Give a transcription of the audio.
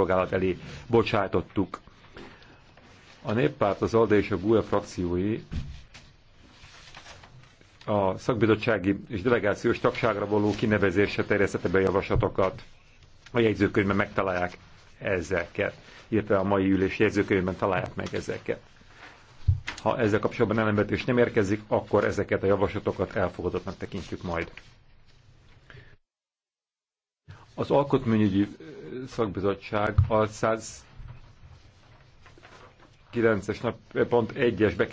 szolgálat elé bocsátottuk. A néppárt, az ALDE és a GUE frakciói a szakbizottsági és delegációs tagságra való kinevezésre terjesztette be javaslatokat. A jegyzőkönyvben megtalálják ezeket, illetve a mai ülés jegyzőkönyvben találják meg ezeket. Ha ezzel kapcsolatban ellenvetés nem érkezik, akkor ezeket a javaslatokat elfogadottnak tekintjük majd. Az alkotmányügyi szakbizottság a 109-es nap, pont 1-es